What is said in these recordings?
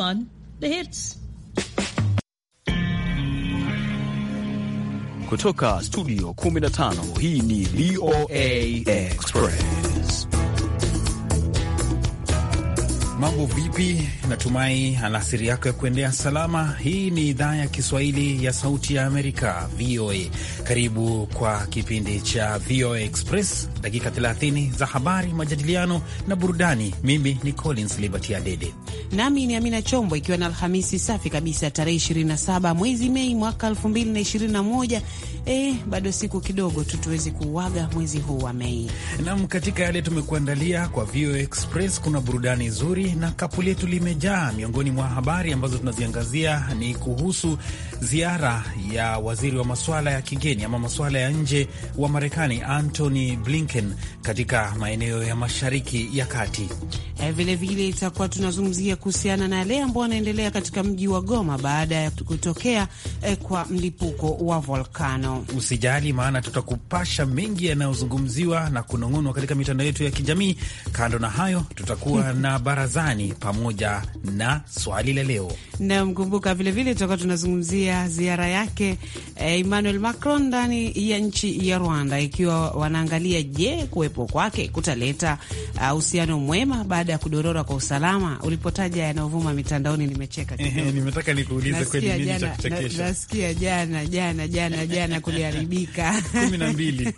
fun, the hits kutoka studio 15. Hii ni VOA Express. Mambo vipi? Natumai alasiri yako ya kuendea salama. Hii ni idhaa ya Kiswahili ya Sauti ya Amerika, VOA. Karibu kwa kipindi cha VOA Express, dakika 30 za habari, majadiliano na burudani. Mimi ni Collins Liberty Adede nami ni Amina Chombo, ikiwa na Alhamisi safi kabisa tarehe 27 mwezi Mei mwaka 2021. E, eh, bado siku kidogo tu tuweze kuuaga mwezi huu wa Mei. Nam, katika yale tumekuandalia kwa VOA Express kuna burudani nzuri na kapu letu limejaa. Miongoni mwa habari ambazo tunaziangazia ni kuhusu ziara ya waziri wa masuala ya kigeni ama masuala ya nje wa Marekani Antony Blinken katika maeneo ya mashariki ya kati. Vilevile eh, itakuwa tunazungumzia kuhusiana na yale ambayo yanaendelea katika mji wa Goma baada ya kutokea eh, kwa mlipuko wa volkano. Usijali, maana tutakupasha mengi yanayozungumziwa na kunong'onwa katika mitandao yetu ya kijamii. Kando na hayo, tutakuwa na barazani pamoja na swali la leo. Namkumbuka vilevile, tutakuwa tunazungumzia ziara yake eh, Emmanuel Macron ndani ya nchi ya Rwanda, ikiwa wanaangalia je, kuwepo kwake kutaleta ah, uhusiano mwema baada ya kudorora kwa usalama ulipotaja moja yanayovuma mitandaoni, nimecheka kidogo. Nimetaka nikuulize kweli nini cha kuchekesha. Nasikia jana jana jana jana kuliharibika kumi na mbili.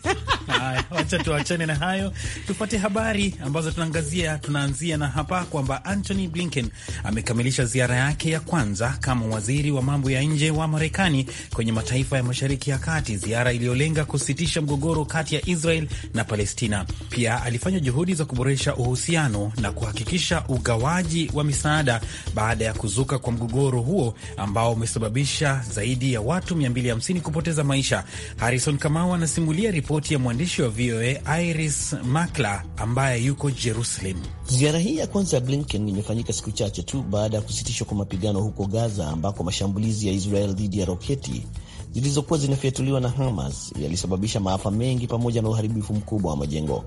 Haya, wacha tuachane na hayo, tupate habari ambazo tunaangazia. Tunaanzia na hapa kwamba Anthony Blinken amekamilisha ziara yake ya kwanza kama waziri wa mambo ya nje wa Marekani kwenye mataifa ya Mashariki ya Kati, ziara iliyolenga kusitisha mgogoro kati ya Israel na Palestina. Pia alifanya juhudi za kuboresha uhusiano na kuhakikisha ugawaji wa misaada baada ya kuzuka kwa mgogoro huo ambao umesababisha zaidi ya watu 250 kupoteza maisha. Harrison Kamau anasimulia ripoti ya mwandishi wa VOA Iris Makla ambaye yuko Jerusalem. Ziara hii ya kwanza ya Blinken imefanyika siku chache tu baada ya kusitishwa kwa mapigano huko Gaza, ambako mashambulizi ya Israel dhidi ya roketi zilizokuwa zinafyatuliwa na Hamas yalisababisha maafa mengi pamoja na uharibifu mkubwa wa majengo.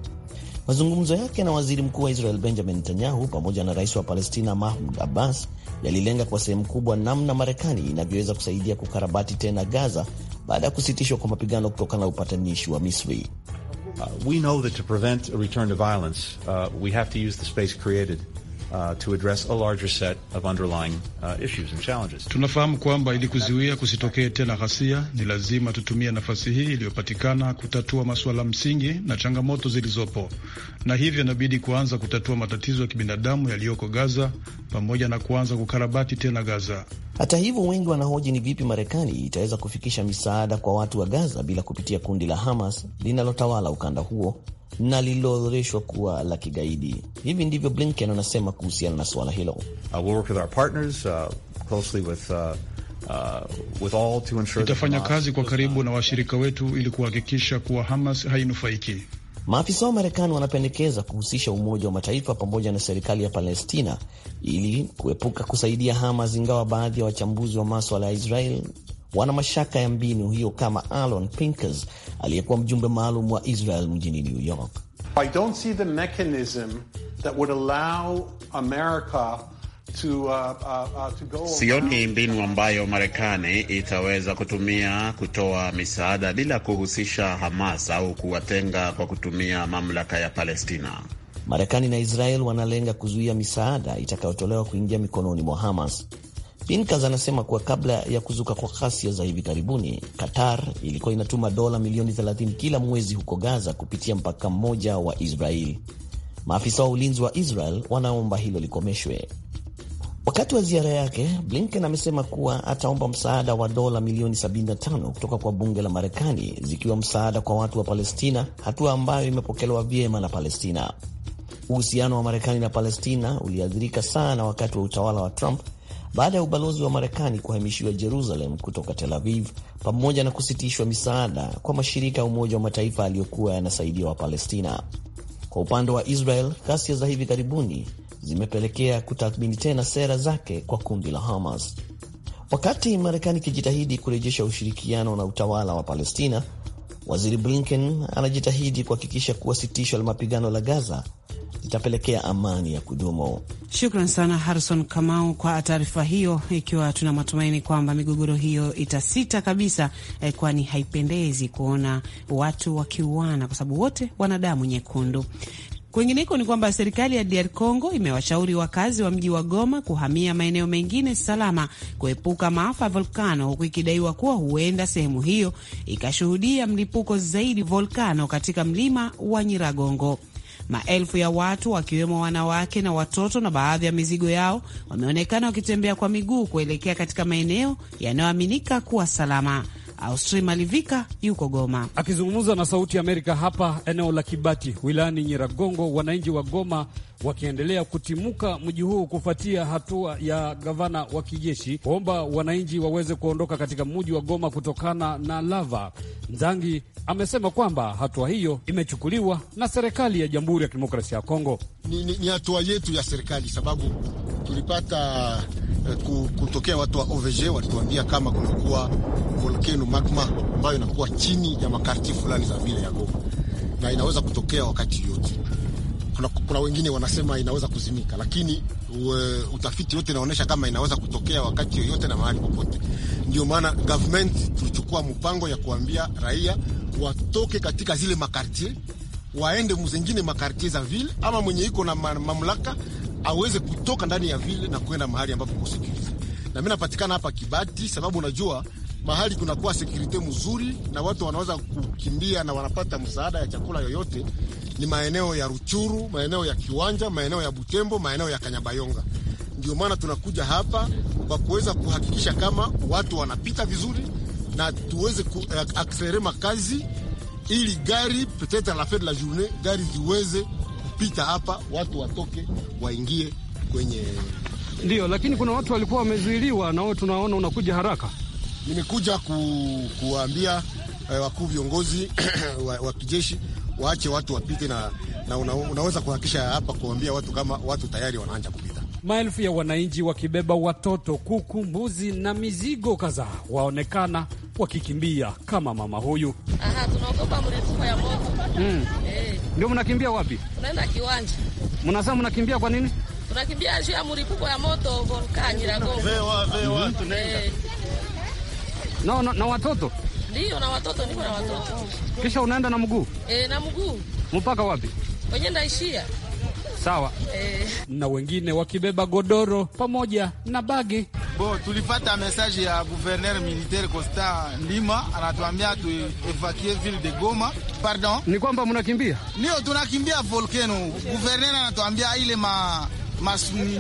Mazungumzo yake na waziri mkuu wa Israel Benjamin Netanyahu pamoja na rais wa Palestina Mahmud Abbas yalilenga kwa sehemu kubwa namna Marekani inavyoweza kusaidia kukarabati tena Gaza baada ya kusitishwa kwa mapigano kutokana na upatanishi wa Misri. Uh, we know that to prevent a return to violence, uh, we have to use the space created Uh, to address a larger set of underlying, uh, issues and challenges. Tunafahamu kwamba ili kuziwia kusitokee tena ghasia ni lazima tutumie nafasi hii iliyopatikana kutatua masuala msingi na changamoto zilizopo, na hivyo inabidi kuanza kutatua matatizo ya kibinadamu yaliyoko Gaza pamoja na kuanza kukarabati tena Gaza. Hata hivyo, wengi wanahoji ni vipi Marekani itaweza kufikisha misaada kwa watu wa Gaza bila kupitia kundi la Hamas linalotawala ukanda huo na lililoorodheshwa kuwa la kigaidi. Hivi ndivyo Blinken anasema kuhusiana na suala hilo. Uh, Itafanya uh, uh, kazi kwa karibu na washirika wetu ili kuhakikisha kuwa Hamas hainufaiki. Maafisa wa Marekani wanapendekeza kuhusisha Umoja wa Mataifa pamoja na serikali ya Palestina ili kuepuka kusaidia Hamas, ingawa baadhi ya wachambuzi wa, wa maswala ya Israel wana mashaka ya mbinu hiyo, kama Alon Pinkers aliyekuwa mjumbe maalum wa Israel mjini New York. I don't see the mechanism that would allow America to, uh, uh, uh, to go... Sioni mbinu ambayo Marekani itaweza kutumia kutoa misaada bila kuhusisha Hamas au kuwatenga kwa kutumia mamlaka ya Palestina. Marekani na Israel wanalenga kuzuia misaada itakayotolewa kuingia mikononi mwa Hamas. pinkas anasema kuwa kabla ya kuzuka kwa ghasia za hivi karibuni, Qatar ilikuwa inatuma dola milioni 30 kila mwezi huko Gaza kupitia mpaka mmoja wa Israeli. Maafisa wa ulinzi wa Israel wanaomba hilo likomeshwe. Wakati wa ziara yake, Blinken amesema kuwa ataomba msaada wa dola milioni 75 kutoka kwa bunge la Marekani, zikiwa msaada kwa watu wa Palestina, hatua ambayo imepokelewa vyema na Palestina. Uhusiano wa Marekani na Palestina uliathirika sana wakati wa utawala wa Trump baada ya ubalozi wa Marekani kuhamishiwa Jerusalem kutoka Tel Aviv, pamoja na kusitishwa misaada kwa mashirika ya Umoja wa Mataifa aliyokuwa yanasaidia Wapalestina. Kwa upande wa Israel, ghasia za hivi karibuni zimepelekea kutathmini tena sera zake kwa kundi la Hamas. Wakati Marekani ikijitahidi kurejesha ushirikiano na utawala wa Palestina, Waziri Blinken anajitahidi kuhakikisha kuwa sitisho la mapigano la Gaza litapelekea amani ya kudumu. Shukran sana Harison Kamau kwa taarifa hiyo, ikiwa tuna matumaini kwamba migogoro hiyo itasita kabisa eh, kwani haipendezi kuona watu wakiuana, kwa sababu wote wana damu nyekundu. Kwingineko ni kwamba serikali ya DR Congo imewashauri wakazi wa mji wa Goma kuhamia maeneo mengine salama kuepuka maafa ya volkano, huku ikidaiwa kuwa huenda sehemu hiyo ikashuhudia mlipuko zaidi volkano katika mlima wa Nyiragongo. Maelfu ya watu wakiwemo wanawake na watoto na baadhi ya mizigo yao wameonekana wakitembea kwa miguu kuelekea katika maeneo yanayoaminika kuwa salama. Austri Malivika yuko Goma akizungumza na Sauti ya Amerika hapa eneo la Kibati wilayani Nyiragongo. Wananchi wa Goma wakiendelea kutimuka mji huu kufuatia hatua ya gavana wa kijeshi kuomba wananchi waweze kuondoka katika mji wa Goma kutokana na lava. Nzangi amesema kwamba hatua hiyo imechukuliwa na serikali ya Jamhuri ya Kidemokrasia ya Kongo. Ni, ni, ni hatua yetu ya serikali sababu tulipata eh, kutokea watu wa OVG walituambia kama kunakuwa volkeno magma ambayo inakuwa chini ya makarti fulani za vile ya gova, na inaweza kutokea wakati yote. Kuna, kuna wengine wanasema inaweza kuzimika, lakini we, utafiti wote inaonyesha kama inaweza kutokea wakati yoyote na mahali popote. Ndio maana government tulichukua mpango ya kuambia raia watoke katika zile makartier waende mzengine makartier za vile, ama mwenye iko na mamlaka aweze kutoka ndani ya vile na kwenda mahali ambapo kusikiliza. Na mimi napatikana hapa Kibati sababu unajua mahali kunakuwa sekurite mzuri na watu wanaweza kukimbia na wanapata msaada ya chakula yoyote, ni maeneo ya Ruchuru, maeneo ya Kiwanja, maeneo ya Butembo, maeneo ya Kanyabayonga. Ndio maana tunakuja hapa kwa kuweza kuhakikisha kama watu wanapita vizuri na tuweze kuaksere eh, makazi ili gari petete la de la journée gari ziweze kupita hapa, watu watoke waingie kwenye. Ndio, lakini kuna watu walikuwa wamezuiliwa, nao tunaona unakuja haraka nimekuja ku, kuwaambia eh, wakuu viongozi wa, wa kijeshi waache watu wapite na, na una, unaweza kuhakikisha hapa kuambia watu kama watu tayari wanaanja kupita. Maelfu ya wananchi wakibeba watoto, kuku, mbuzi na mizigo kadhaa waonekana wakikimbia kama mama huyu. Aha, tunaogopa mlipuko ya bomu. Mm. Eh. Ndio mnakimbia wapi? Tunaenda kiwanja. Mnasema mnakimbia kwa nini? Tunakimbia juu ya mlipuko ya moto volkani la Gongo. Wewe wewe mhm. tunaenda. Eh na watoto ndio, na watoto niko na watoto. Kisha unaenda na mguu e, na mguu mpaka wapi wenye ndaishia? Sawa Eh. Na wengine wakibeba godoro pamoja na bagi Bo, tulipata message ya gouverneur militaire Costa Ndima anatuambia tu evacue ville de Goma. Pardon, ni kwamba mnakimbia? Ndio, tunakimbia volcano. Gouverneur anatuambia ile ma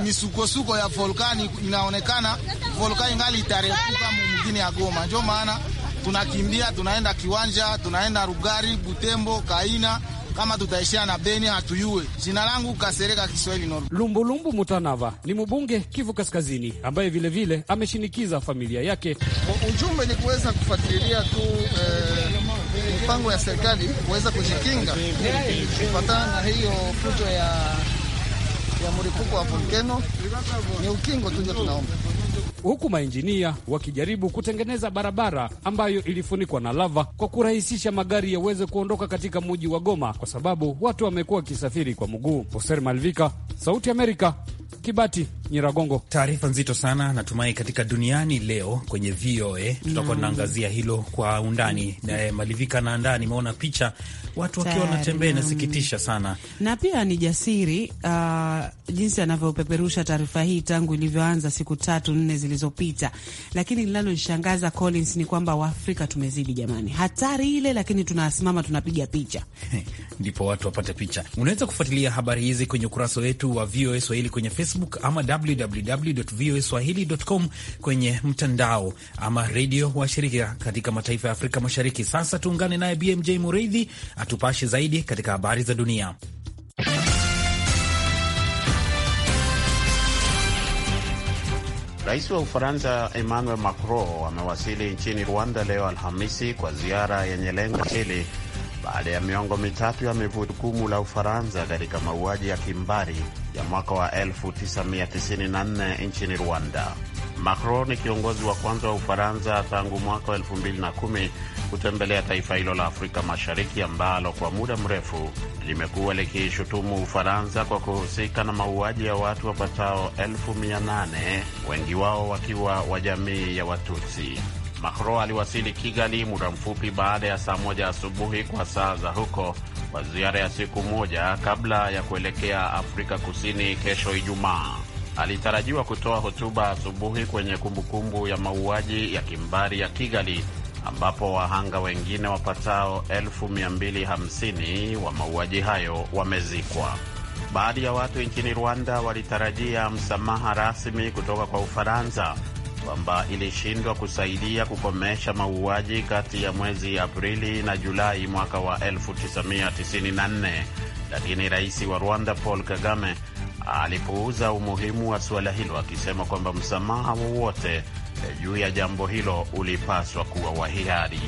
misukosuko ya volkani inaonekana volkani ngali itarefuka nyingine ya Goma. Ndio maana tunakimbia tunaenda Kiwanja, tunaenda Rugari, Butembo, Kaina kama tutaishia na Beni hatuyue. Jina langu Kasereka Kiswahili normal. Lumbulumbu Mutanava ni mbunge Kivu Kaskazini ambaye vilevile vile ameshinikiza familia yake. Ujumbe ni kuweza kufuatilia tu eh, mipango eh, ya serikali kuweza kujikinga kufatana na hiyo fujo ya, ya mripuko wa volkeno. Ni ukingo tu ndio tunaomba huku mainjinia wakijaribu kutengeneza barabara ambayo ilifunikwa na lava kwa kurahisisha magari yaweze kuondoka katika mji wa Goma kwa sababu watu wamekuwa wakisafiri kwa mguu. Hoser Malvika, Sauti Amerika, Kibati, Nyiragongo. Taarifa nzito sana. Natumai katika duniani leo kwenye VOA tutakuwa tunaangazia hilo kwa undani. Naye mm. eh, Malivika na andaa, nimeona picha watu wakiwa wanatembea, inasikitisha sana, na pia ni jasiri uh, jinsi anavyopeperusha taarifa hii tangu ilivyoanza siku tatu nne zilizopita, lakini linaloshangaza Collins ni kwamba Waafrika tumezidi jamani, hatari ile, lakini tunasimama tunapiga picha ndipo watu wapate picha. Unaweza kufuatilia habari hizi kwenye ukurasa wetu wa VOA Swahili kwenye Facebook ama www voa www.voaswahili.com kwenye mtandao ama redio wa shirika katika mataifa ya Afrika Mashariki. Sasa tuungane naye BMJ Muridhi atupashe zaidi katika habari za dunia. Rais wa Ufaransa Emmanuel Macron amewasili nchini Rwanda leo Alhamisi kwa ziara yenye lengo hili baada ya miongo mitatu ya mivukumu la Ufaransa katika mauaji ya kimbari ya mwaka wa 1994 nchini Rwanda. Macron ni kiongozi wa kwanza wa Ufaransa tangu mwaka wa 2010 kutembelea taifa hilo la Afrika Mashariki ambalo kwa muda mrefu limekuwa likishutumu Ufaransa kwa kuhusika na mauaji ya watu wapatao elfu mia nane wengi wao wakiwa wa jamii ya Watutsi. Macron aliwasili Kigali muda mfupi baada ya saa moja asubuhi kwa saa za huko kwa ziara ya siku moja kabla ya kuelekea Afrika Kusini kesho Ijumaa. Alitarajiwa kutoa hotuba asubuhi kwenye kumbukumbu ya mauaji ya kimbari ya Kigali ambapo wahanga wengine wapatao 250 wa mauaji hayo wamezikwa. Baadhi ya watu nchini Rwanda walitarajia msamaha rasmi kutoka kwa Ufaransa kwamba ilishindwa kusaidia kukomesha mauaji kati ya mwezi Aprili na Julai mwaka wa 1994 lakini rais wa Rwanda Paul Kagame alipuuza umuhimu wa suala hilo akisema kwamba msamaha wowote Eh, juu ya jambo hilo ulipaswa kuwa wahiari.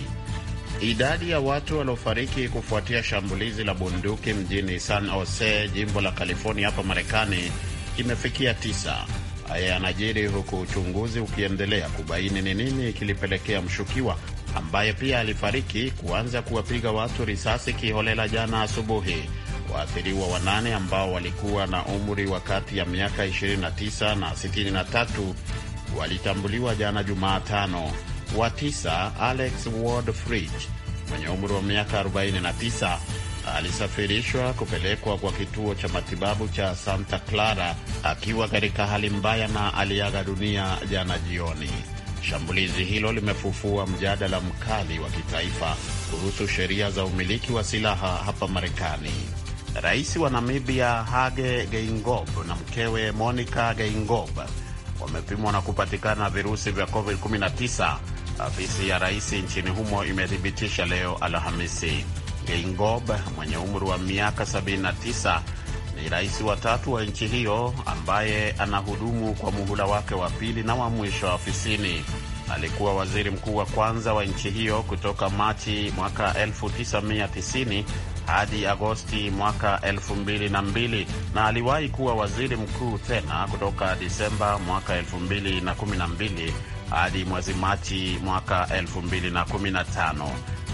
Idadi ya watu waliofariki kufuatia shambulizi la bunduki mjini San Jose, jimbo la California hapa Marekani, imefikia tisa. Haya yanajiri huku uchunguzi ukiendelea kubaini ni nini kilipelekea mshukiwa ambaye pia alifariki kuanza kuwapiga watu risasi kiholela jana asubuhi. Waathiriwa wanane ambao walikuwa na umri wa kati ya miaka 29 na 63 walitambuliwa jana Jumatano. Wa tisa Alex Ward Fridge mwenye umri wa miaka 49 alisafirishwa kupelekwa kwa kituo cha matibabu cha Santa Clara akiwa katika hali mbaya na aliaga dunia jana jioni. Shambulizi hilo limefufua mjadala mkali wa kitaifa kuhusu sheria za umiliki wa silaha hapa Marekani. Rais wa Namibia Hage Geingob na mkewe Monica Geingob wamepimwa na kupatikana virusi vya COVID-19, afisi ya rais nchini humo imethibitisha leo Alhamisi. Geingob mwenye umri wa miaka 79 ni rais wa tatu wa nchi hiyo ambaye anahudumu kwa muhula wake wa pili na wa mwisho afisini. Alikuwa waziri mkuu wa kwanza wa nchi hiyo kutoka Machi mwaka 1990 hadi Agosti mwaka 2002 na aliwahi kuwa waziri mkuu tena kutoka Disemba mwaka 2012 hadi mwezi Machi mwaka 2015.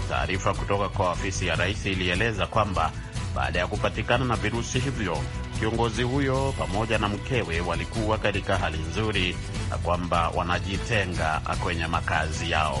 Taarifa kutoka kwa ofisi ya rais ilieleza kwamba baada ya kupatikana na virusi hivyo kiongozi huyo pamoja na mkewe walikuwa katika hali nzuri na kwamba wanajitenga kwenye makazi yao.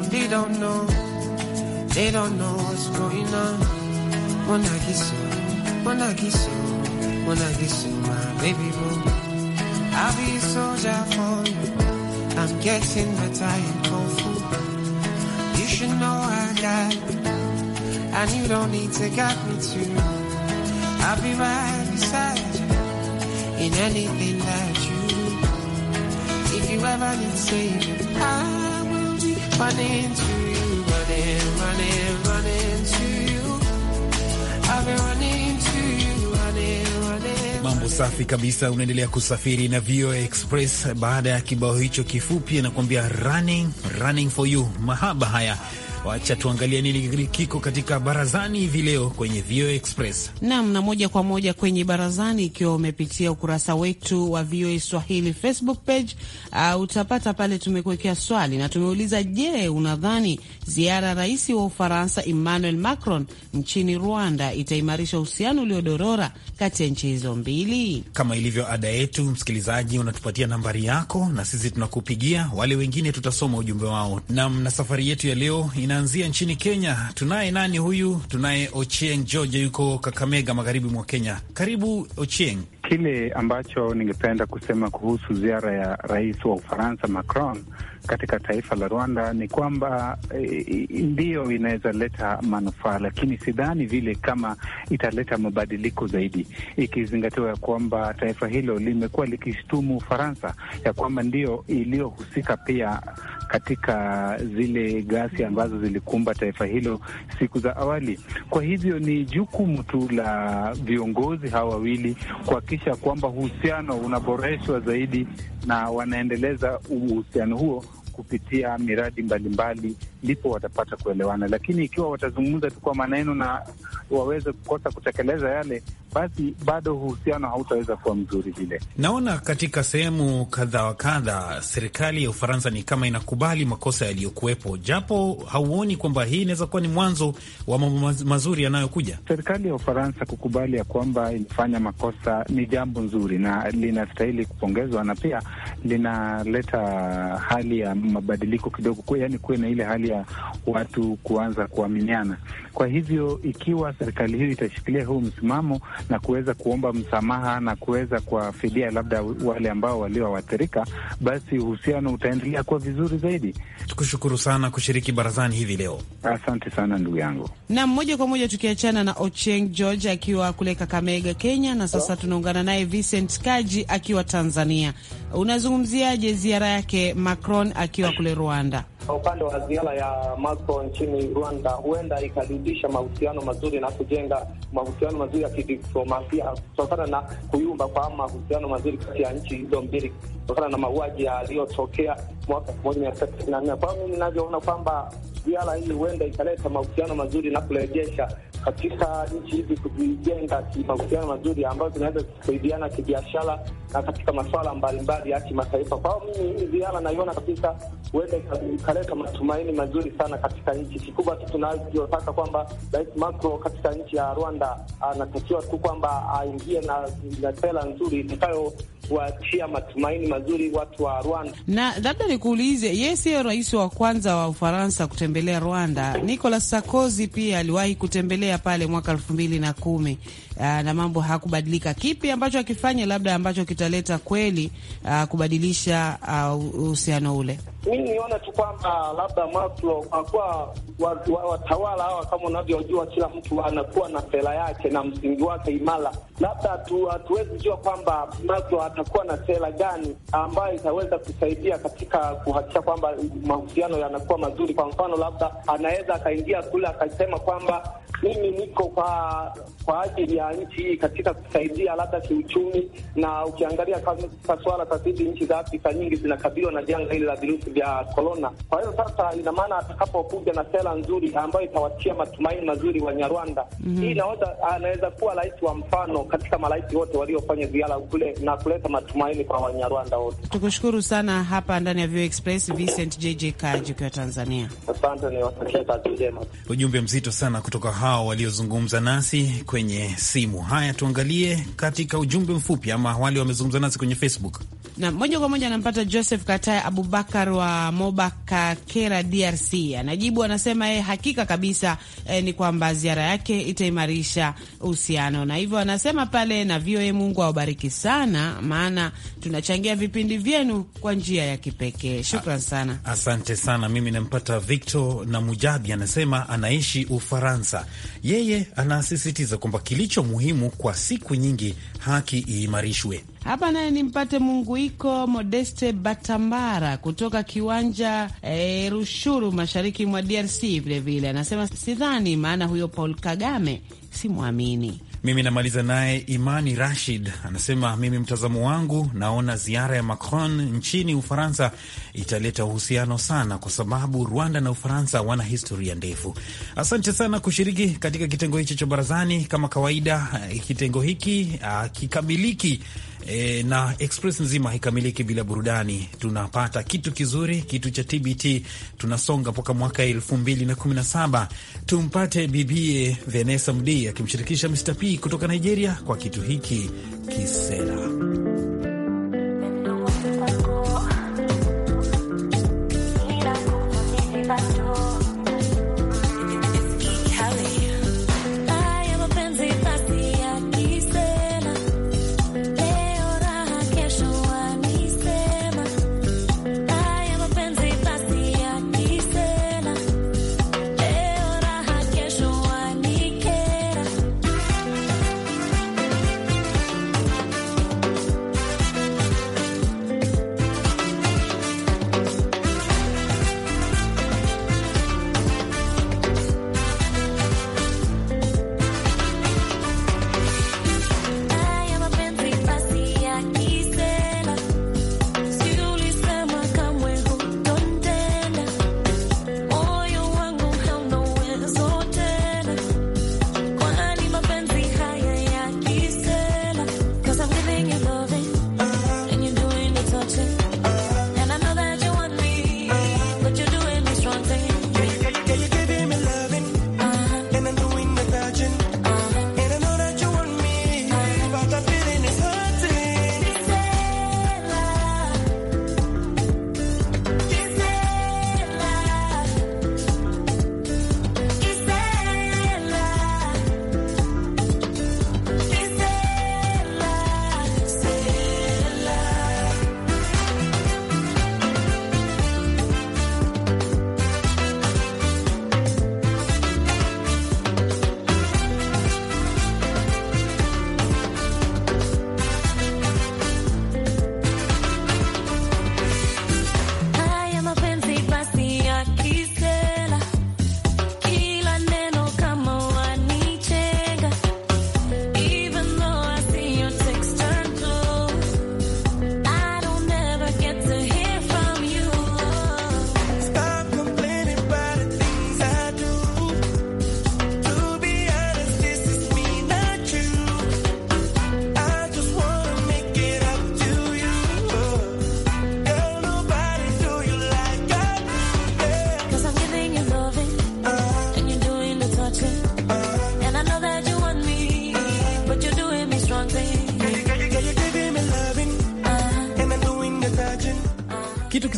they don't know. They don't know what's going on. When I kiss you, when I kiss you, when I kiss you, my baby boy. I'll be a soldier for you. I'm getting the time kung fu. You should know I got you. And you don't need to get me too. I'll be right beside you in anything that you do. If you ever need saving, I running to you, running, running, running to you. I've been running to you, Mambo safi kabisa, unaendelea kusafiri na VOA Express. Baada ya kibao hicho kifupi, anakuambia running, running for you, mahaba haya Wacha tuangalie nini kiko katika barazani hivi leo kwenye VOA Express nam na moja kwa moja kwenye barazani. Ikiwa umepitia ukurasa wetu wa VOA Swahili Facebook page, uh, utapata pale tumekuwekea swali na tumeuliza, je, unadhani ziara ya rais wa Ufaransa Emmanuel Macron nchini Rwanda itaimarisha uhusiano uliodorora kati ya nchi hizo mbili? Kama ilivyo ada yetu, msikilizaji, unatupatia nambari yako na sisi tunakupigia. Wale wengine tutasoma ujumbe wao nam na safari yetu ya leo ina inaanzia nchini Kenya. Tunaye nani huyu? Tunaye Ochieng George, yuko Kakamega, magharibi mwa Kenya. Karibu Ochieng. Kile ambacho ningependa kusema kuhusu ziara ya rais wa Ufaransa Macron katika taifa la Rwanda ni kwamba e, ndiyo inaweza leta manufaa, lakini sidhani vile kama italeta mabadiliko zaidi, ikizingatiwa ya kwamba taifa hilo limekuwa likishtumu Ufaransa ya kwamba ndiyo iliyohusika pia katika zile ghasia ambazo zilikumba taifa hilo siku za awali. Kwa hivyo ni jukumu tu la viongozi hawa wawili kuhakikisha kuhakikisha kwamba uhusiano unaboreshwa zaidi na wanaendeleza uhusiano huo kupitia miradi mbalimbali ndipo watapata kuelewana, lakini ikiwa watazungumza tu kwa maneno na waweze kukosa kutekeleza yale, basi bado uhusiano hautaweza kuwa mzuri vile. Naona katika sehemu kadha wa kadha serikali ya Ufaransa ni kama inakubali makosa yaliyokuwepo, japo hauoni kwamba hii inaweza kuwa ni mwanzo wa mambo mazuri yanayokuja. Serikali ya Ufaransa kukubali ya kwamba ilifanya makosa ni jambo nzuri na linastahili kupongezwa, na pia linaleta hali ya mabadiliko kidogo, yaani kuwe na ile hali kupelekea watu kuanza kuaminiana. Kwa hivyo ikiwa serikali hiyo itashikilia huu msimamo na kuweza kuomba msamaha na kuweza kuwafidia labda wale ambao walioathirika, basi uhusiano utaendelea kuwa vizuri zaidi. Tukushukuru sana kushiriki barazani hivi leo, asante sana ndugu yangu. Na moja kwa moja tukiachana na Ocheng George akiwa kule Kakamega, Kenya, na sasa tunaungana naye Vincent Kaji akiwa Tanzania. Unazungumziaje ziara yake Macron akiwa kule Rwanda? kwa upande wa ziara ya Moscow nchini Rwanda huenda ikarudisha mahusiano mazuri na kujenga mahusiano mazuri ya kidiplomasia kutokana na kuyumba kwa mahusiano mazuri kati ya nchi hizo mbili kutokana na mauaji yaliyotokea mwaka elfu moja mia tisa tisini na nne. Kwa hiyo mimi ninavyoona kwamba ziara hii huenda ikaleta mahusiano mazuri na kurejesha katika nchi hizi kujijenga mahusiano mazuri ambayo zinaweza kusaidiana kibiashara na katika masuala mbalimbali ya kimataifa. Kwao mimi hii ziara naiona kabisa huenda ikaleta matumaini mazuri sana katika nchi. Kikubwa tu tunachotaka kwamba Rais Macron katika nchi ya Rwanda anatakiwa tu kwamba aingie na, na sera nzuri itakayo kuachia matumaini mazuri watu wa Rwanda. Na labda nikuulize, yeye siyo rais wa kwanza wa Ufaransa kutembelea Rwanda. Nicolas Sarkozy pia aliwahi kutembelea pale mwaka elfu mbili na kumi ah, na mambo hakubadilika. Kipi ambacho akifanya labda ambacho kita kutaleta kweli uh, kubadilisha uh, uhusiano ule. Mi niona tu kwamba labda Maslo akuwa watawala hawa, kama unavyojua, kila mtu anakuwa na sera yake na msingi wake imara. Labda hatuwezi jua kwamba Maslo atakuwa na sera gani ambayo itaweza kusaidia katika kuhakikisha kwamba mahusiano yanakuwa mazuri. Kwa mfano, labda anaweza akaingia kule akasema kwamba mimi niko kwa kwa ajili ya nchi hii katika kusaidia labda kiuchumi, na ukiangalia swala sasa hivi nchi za Afrika nyingi zinakabiliwa na janga hili la virusi vya korona. Kwa hiyo sasa, ina maana atakapokuja na sera nzuri ambayo itawatia matumaini mazuri Wanyarwanda, mm hii -hmm. anaweza kuwa rais wa mfano katika marais wote waliofanya ziara kule na kuleta matumaini kwa Wanyarwanda wote. Tukushukuru sana hapa ndani ya View Express, Vincent JJ Kaji ukiwa Tanzania. Asante, niwatakia kazi njema. Ujumbe mzito sana kutoka ha hao waliozungumza nasi kwenye simu. Haya, tuangalie katika ujumbe mfupi, ama wale wamezungumza nasi kwenye Facebook na moja kwa moja anampata Joseph Kataya Abubakar wa Mobakakera, DRC. Anajibu anasema yeye eh, hakika kabisa eh, ni kwamba ziara yake itaimarisha uhusiano, na hivyo anasema pale na VOA. Mungu awabariki sana, maana tunachangia vipindi vyenu kwa njia ya kipekee. Shukran sana, asante sana. Mimi nampata Victor na Mujabi anasema anaishi Ufaransa. Yeye anasisitiza kwamba kilicho muhimu kwa siku nyingi, haki iimarishwe. Hapa naye nimpate iko Modeste Batambara kutoka kiwanja e, Rushuru, mashariki mwa DRC. Vilevile anasema sidhani, maana huyo Paul Kagame simwamini. Mimi namaliza naye Imani Rashid anasema, mimi mtazamo wangu naona ziara ya Macron nchini Ufaransa italeta uhusiano sana, kwa sababu Rwanda na Ufaransa wana historia ndefu. Asante sana kushiriki katika kitengo hichi cha barazani. Kama kawaida, eh, kitengo hiki eh, kikamiliki E, na express nzima haikamiliki bila burudani. Tunapata kitu kizuri, kitu cha TBT. Tunasonga mpaka mwaka elfu mbili na kumi na saba tumpate bibie Vanessa Mdee akimshirikisha Mr P kutoka Nigeria kwa kitu hiki kisera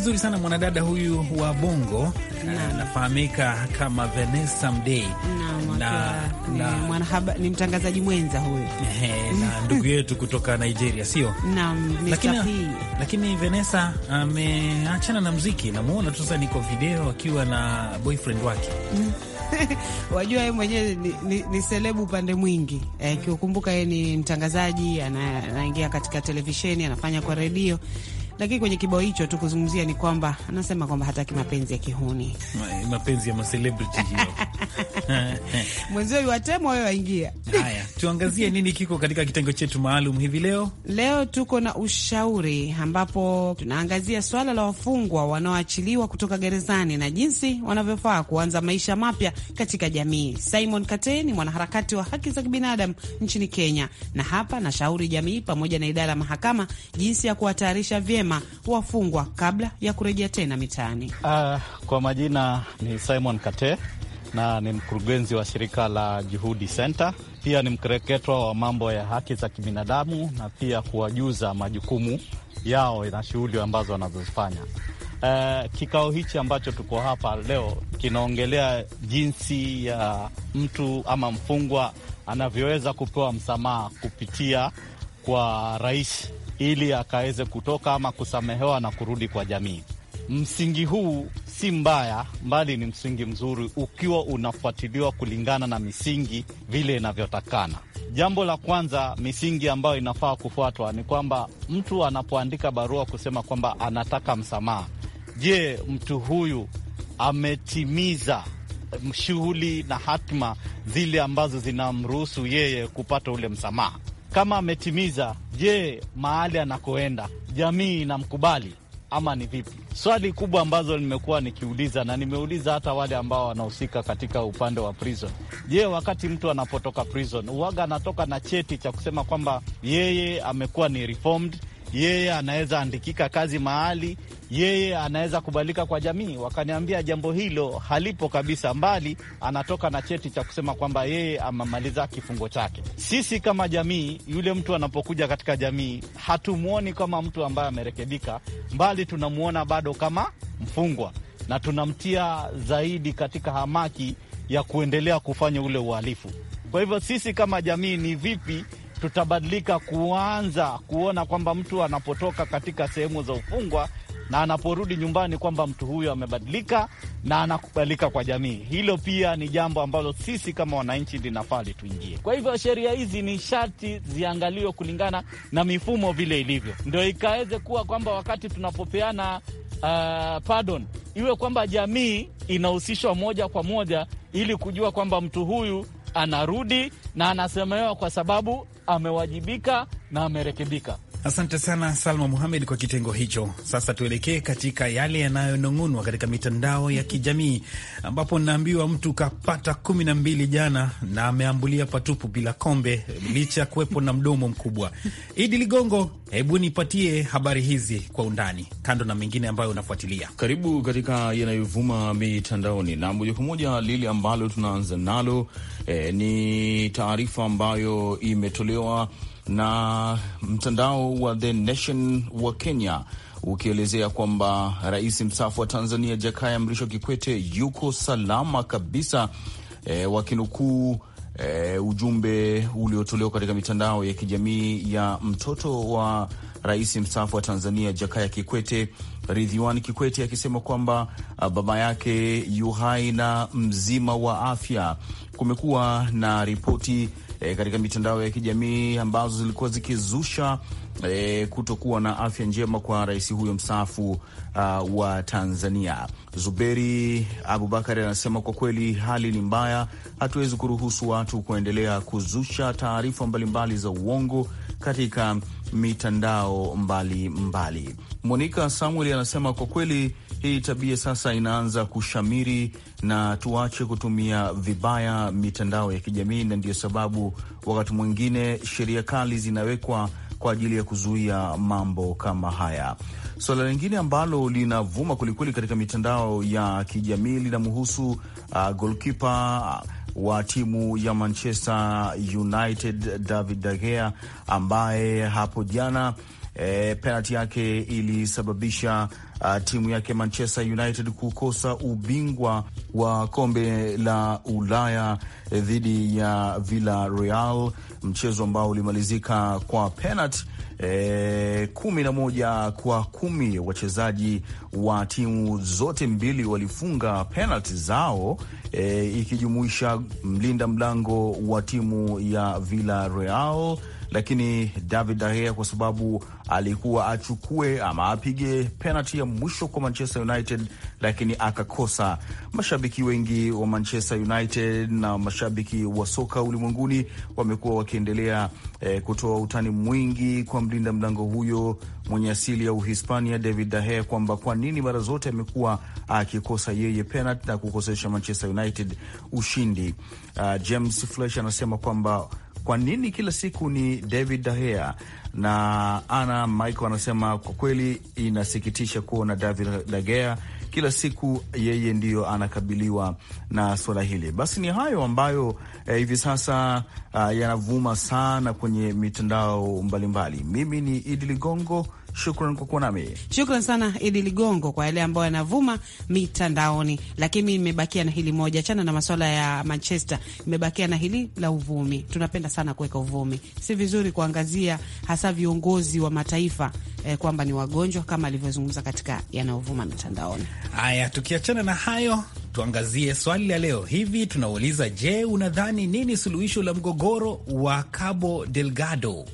vizuri sana mwanadada huyu wa Bongo eh, anafahamika na kama Vanessa Mdee na, na, na, ni mtangazaji mwenza huyu na ndugu yetu kutoka Nigeria, sio lakini, lakini Vanessa ameachana na mziki. Namuona tu sasa niko video akiwa na boyfriend wake Wajua, yeye mwenyewe ni, ni, ni selebu upande mwingi eh, kiukumbuka yeye ni mtangazaji, anaingia katika televisheni, anafanya kwa redio lakini kwenye kibao hicho tu kuzungumzia ni kwamba anasema kwamba hataki mapenzi ya kihuni, Ma, mapenzi ya macelebrity hiyo mwenzio iwatemwa wewe waingia. Haya, tuangazie nini kiko katika kitengo chetu maalum hivi leo. Leo tuko na ushauri ambapo tunaangazia swala la wafungwa wanaoachiliwa kutoka gerezani na jinsi wanavyofaa kuanza maisha mapya katika jamii. Simon Kate ni mwanaharakati wa haki za kibinadamu nchini Kenya, na hapa nashauri jamii pamoja na idara ya mahakama jinsi ya kuwatayarisha vyema mapema wafungwa kabla ya kurejea tena mitaani. Uh, kwa majina ni Simon Kate na ni mkurugenzi wa shirika la Juhudi Center. Pia ni mkereketwa wa mambo ya haki za kibinadamu na pia kuwajuza majukumu yao na shughuli ambazo wanazozifanya. Uh, kikao hichi ambacho tuko hapa leo kinaongelea jinsi ya uh, mtu ama mfungwa anavyoweza kupewa msamaha kupitia kwa rais ili akaweze kutoka ama kusamehewa na kurudi kwa jamii. Msingi huu si mbaya, mbali ni msingi mzuri ukiwa unafuatiliwa kulingana na misingi vile inavyotakana. Jambo la kwanza, misingi ambayo inafaa kufuatwa ni kwamba mtu anapoandika barua kusema kwamba anataka msamaha, je, mtu huyu ametimiza shughuli na hatima zile ambazo zinamruhusu yeye kupata ule msamaha? Kama ametimiza, je, mahali anakoenda jamii inamkubali ama ni vipi? Swali kubwa ambazo nimekuwa nikiuliza na nimeuliza hata wale ambao wanahusika katika upande wa prison. Je, wakati mtu anapotoka prison uwaga anatoka na cheti cha kusema kwamba yeye amekuwa ni reformed yeye anaweza andikika kazi mahali, yeye anaweza kubalika kwa jamii. Wakaniambia jambo hilo halipo kabisa, mbali anatoka na cheti cha kusema kwamba yeye amemaliza kifungo chake. Sisi kama jamii, yule mtu anapokuja katika jamii hatumwoni kama mtu ambaye amerekebika, mbali tunamwona bado kama mfungwa na tunamtia zaidi katika hamaki ya kuendelea kufanya ule uhalifu. Kwa hivyo sisi kama jamii, ni vipi tutabadilika kuanza kuona kwamba mtu anapotoka katika sehemu za ufungwa na anaporudi nyumbani kwamba mtu huyo amebadilika na anakubalika kwa jamii. Hilo pia ni jambo ambalo sisi kama wananchi linafali tuingie. Kwa hivyo sheria hizi ni sharti ziangaliwe kulingana na mifumo vile ilivyo, ndio ikaweze kuwa kwamba wakati tunapopeana uh, pardon iwe kwamba jamii inahusishwa moja kwa moja, ili kujua kwamba mtu huyu anarudi na anasemewa kwa sababu amewajibika na amerekebika. Asante sana Salma Muhamed kwa kitengo hicho. Sasa tuelekee katika yale yanayonong'onwa katika mitandao ya kijamii, ambapo naambiwa mtu kapata kumi na mbili jana na ameambulia patupu bila kombe licha ya kuwepo na mdomo mkubwa. Idi Ligongo, hebu nipatie habari hizi kwa undani, kando na mengine ambayo unafuatilia. Karibu katika yanayovuma mitandaoni, na moja kwa moja lile ambalo tunaanza nalo eh, ni taarifa ambayo imetolewa na mtandao wa The Nation wa Kenya ukielezea kwamba rais mstaafu wa Tanzania Jakaya Mrisho Kikwete yuko salama kabisa, e, wakinukuu e, ujumbe uliotolewa katika mitandao ya kijamii ya mtoto wa rais mstaafu wa Tanzania Jakaya Kikwete, Ridhiwani Kikwete akisema kwamba baba yake yuhai na mzima wa afya. Kumekuwa na ripoti e, katika mitandao ya kijamii ambazo zilikuwa zikizusha e, kutokuwa na afya njema kwa rais huyo mstaafu uh, wa Tanzania. Zuberi Abubakari anasema kwa kweli hali ni mbaya, hatuwezi kuruhusu watu kuendelea kuzusha taarifa mbalimbali za uongo katika mitandao mbalimbali. Monica Samuel anasema kwa kweli hii tabia sasa inaanza kushamiri na tuache kutumia vibaya mitandao ya kijamii, na ndiyo sababu wakati mwingine sheria kali zinawekwa kwa ajili ya kuzuia mambo kama haya. Suala so, lingine ambalo linavuma kwelikweli katika mitandao ya kijamii linamhusu uh, golkipa wa timu ya Manchester United David De Gea ambaye hapo jana E, penalti yake ilisababisha a, timu yake Manchester United kukosa ubingwa wa kombe la Ulaya e, dhidi ya Villarreal, mchezo ambao ulimalizika kwa penalti e, kumi na moja kwa kumi. Wachezaji wa timu zote mbili walifunga penalti zao e, ikijumuisha mlinda mlango wa timu ya Real lakini David Dahea kwa sababu alikuwa achukue ama apige penalti ya mwisho kwa Manchester United, lakini akakosa. Mashabiki wengi wa Manchester United na mashabiki wa soka ulimwenguni wamekuwa wakiendelea eh, kutoa utani mwingi kwa mlinda mlango huyo mwenye asili ya Uhispania David De Gea kwamba kwa nini mara zote amekuwa akikosa yeye penalti na kukosesha Manchester United ushindi. Uh, James Flesh anasema kwamba kwa nini kila siku ni David De Gea na ana Michael anasema kwa kweli inasikitisha kuona David De Gea kila siku yeye ndiyo anakabiliwa na suala hili. Basi ni hayo ambayo eh, hivi sasa uh, yanavuma sana kwenye mitandao mbalimbali. Mimi ni Idi Ligongo. Shukran kwa kuwa nami. Shukran sana Idi Ligongo kwa yale ambayo yanavuma mitandaoni, lakini mi nimebakia na hili moja. Achana na maswala ya Manchester, nimebakia na hili la uvumi. Tunapenda sana kuweka uvumi, si vizuri kuangazia hasa viongozi wa mataifa eh, kwamba ni wagonjwa kama alivyozungumza katika yanayovuma mitandaoni. Haya, tukiachana na hayo tuangazie swali la leo hivi. Tunauliza, je, unadhani nini suluhisho la mgogoro wa Cabo Delgado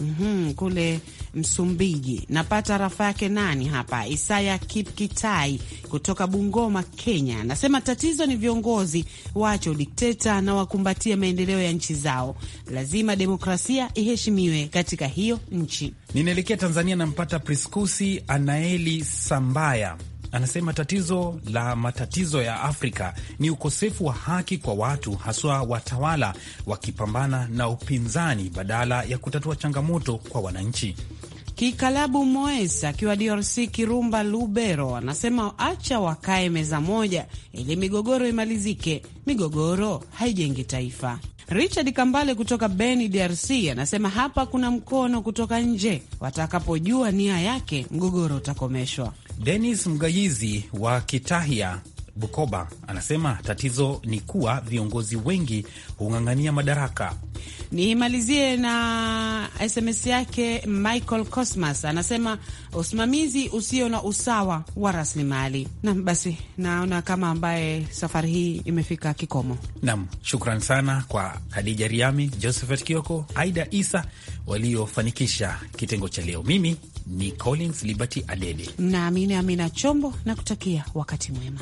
mm -hmm, kule Msumbiji. Napata rafa yake nani hapa, Isaya Kipkitai kutoka Bungoma, Kenya, nasema tatizo ni viongozi, wacho dikteta na wakumbatie maendeleo ya nchi zao. Lazima demokrasia iheshimiwe katika hiyo nchi. Ninaelekea Tanzania, nampata Priskusi Anaeli Sambaya anasema tatizo la matatizo ya Afrika ni ukosefu wa haki kwa watu, haswa watawala wakipambana na upinzani badala ya kutatua changamoto kwa wananchi. Kikalabu Moes akiwa DRC Kirumba Lubero anasema acha wakae meza moja ili migogoro imalizike. Migogoro haijengi taifa. Richard Kambale kutoka Beni, DRC anasema hapa kuna mkono kutoka nje, watakapojua nia yake mgogoro utakomeshwa. Denis Mgayizi wa Kitahya Bukoba anasema tatizo ni kuwa viongozi wengi hung'ang'ania madaraka. Nimalizie na SMS yake Michael Cosmas anasema usimamizi usio na usawa wa rasilimali. Nam, basi naona kama ambaye safari hii imefika kikomo. Nam, shukran sana kwa Hadija Riami, Josephat Kioko, Aida Isa waliofanikisha kitengo cha leo. Mimi ni Collins Liberty Adede nami ni Amina Chombo na kutakia wakati mwema.